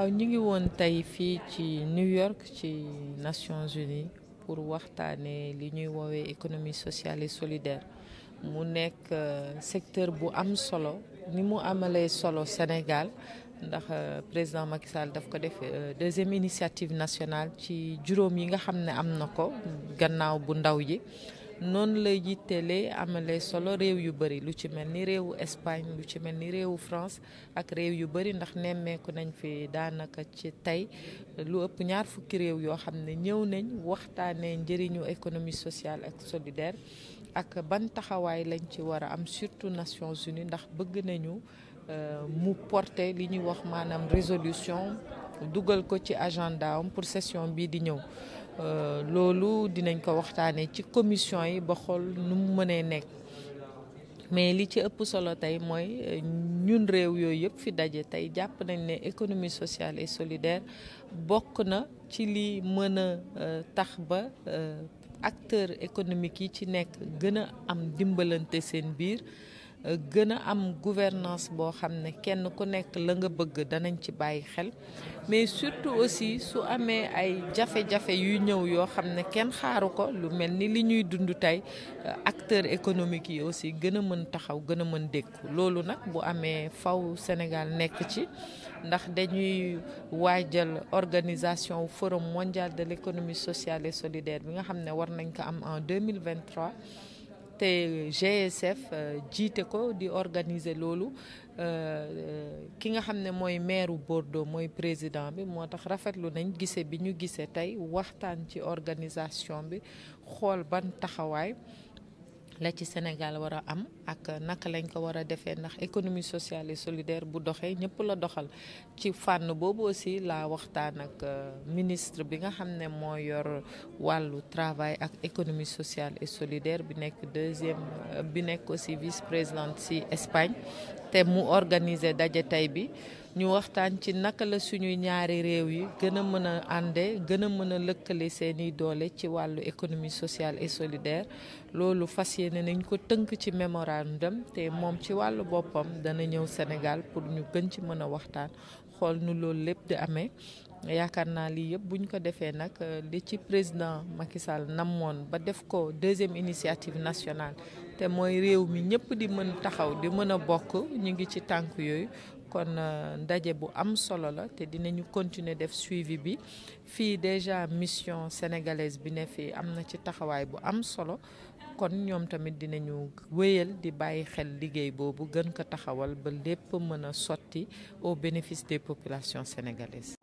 waaw ñu ngi woon tey fii ci New York ci Nations Unies pour waxtaanee li ñuy woowee économie sociale et solidaire mu nekk euh, secteur bu am solo ni mu amalee solo Sénégal ndax euh, président Macky daf ko def euh, deuxième initiative nationale ci juróom yi nga xam ne am na ko gannaaw bu ndaw yi noonu lay jittelee amalee solo réew yu bëri lu ci mel ni réewu Espagne lu ci mel ni réewu France ak réew yu bëri ndax nemmeeku nañ fi daanaka ci tey lu ëpp ñaar fukki réew yoo xam ne ñëw nañ waxtaanee njëriñu économie sociale ak solidaire ak ban taxawaay lañ ci war a am surtout Nations Unies ndax bëgg nañu euh, mu porter li ñuy wax maanaam résolution dugal ko ci agenda am pour session bii di ñëw Euh, loolu dinañ ko waxtaanee ci commission yi ba xool nu mu mënee nekk mais li ci ëpp solo tey mooy euh, ñun réew yooyu yëpp fi daje tey jàpp nañ ne économie sociale et solidaire bokk na ci li mën a euh, tax ba acteurs économiques yi ci nekk gën a am dimbalante seen biir gën a am gouvernance boo xam ne kenn ku nekk la nga bëgg danañ ci bàyyi xel mais surtout aussi su amee ay jafe-jafe yuy ñëw yoo xam ne kenn xaaru ko lu mel ni li ñuy dund tey euh, acteurs économiques yi aussi gën a mën taxaw gën a mën dékku loolu nag bu amee faw Sénégal nekk ci ndax dañuy waajal organisation forum mondial de l'économie sociale et solidaire bi nga xam ne war nañ ko am en 2023 te GSF euh, jiite ko di organiser loolu euh, euh, ki nga xam ne mooy maire Bordeaux mooy président bi moo tax rafetlu nañ gise bi ñu gisee tey waxtaan ci organisation bi xool ban taxawaay la ci Sénégal war a am ak naka lañ ko war a defee ndax économie sociale et solidaire bu doxee ñëpp la doxal ci fànn boobu aussi laa waxtaan ak euh, ministre bi nga xam ne moo yor wàllu travail ak économie sociale et solidaire bi nekk deuxième euh, bi nekk si vice présidente si Espagne te mu organiser daje tey bi ñu waxtaan ci naka la suñuy ñaari réew yi gën a mën a ànde gën a mën a lëkkale seeni doole ci wàllu économie sociale et solidaire loolu fas yéene nañ ko tënk ci mémorandum waxtaandam te moom ci wàllu boppam dana ñëw Sénégal pour ñu gën ci mën a waxtaan xool nu loolu lépp di amee yaakaar naa lii yëpp bu ñu ko defee nag euh, li ci président Macky Sall namoon ba def ko deuxième initiative nationale te mooy réew mi ñëpp di mën taxaw di mën a bokk ñu ngi ci tànk yooyu kon euh, ndaje bu am solo la te dinañu continuer def suivi bi fii déjà mission sénégalaise bi ne fii am na ci taxawaay bu am solo kon ñoom tamit dinañu wéyal di bàyyi xel liggéey boobu gën ko taxawal ba lépp mën a sotti au bénéfice des populations sénégalaises